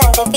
Sunday.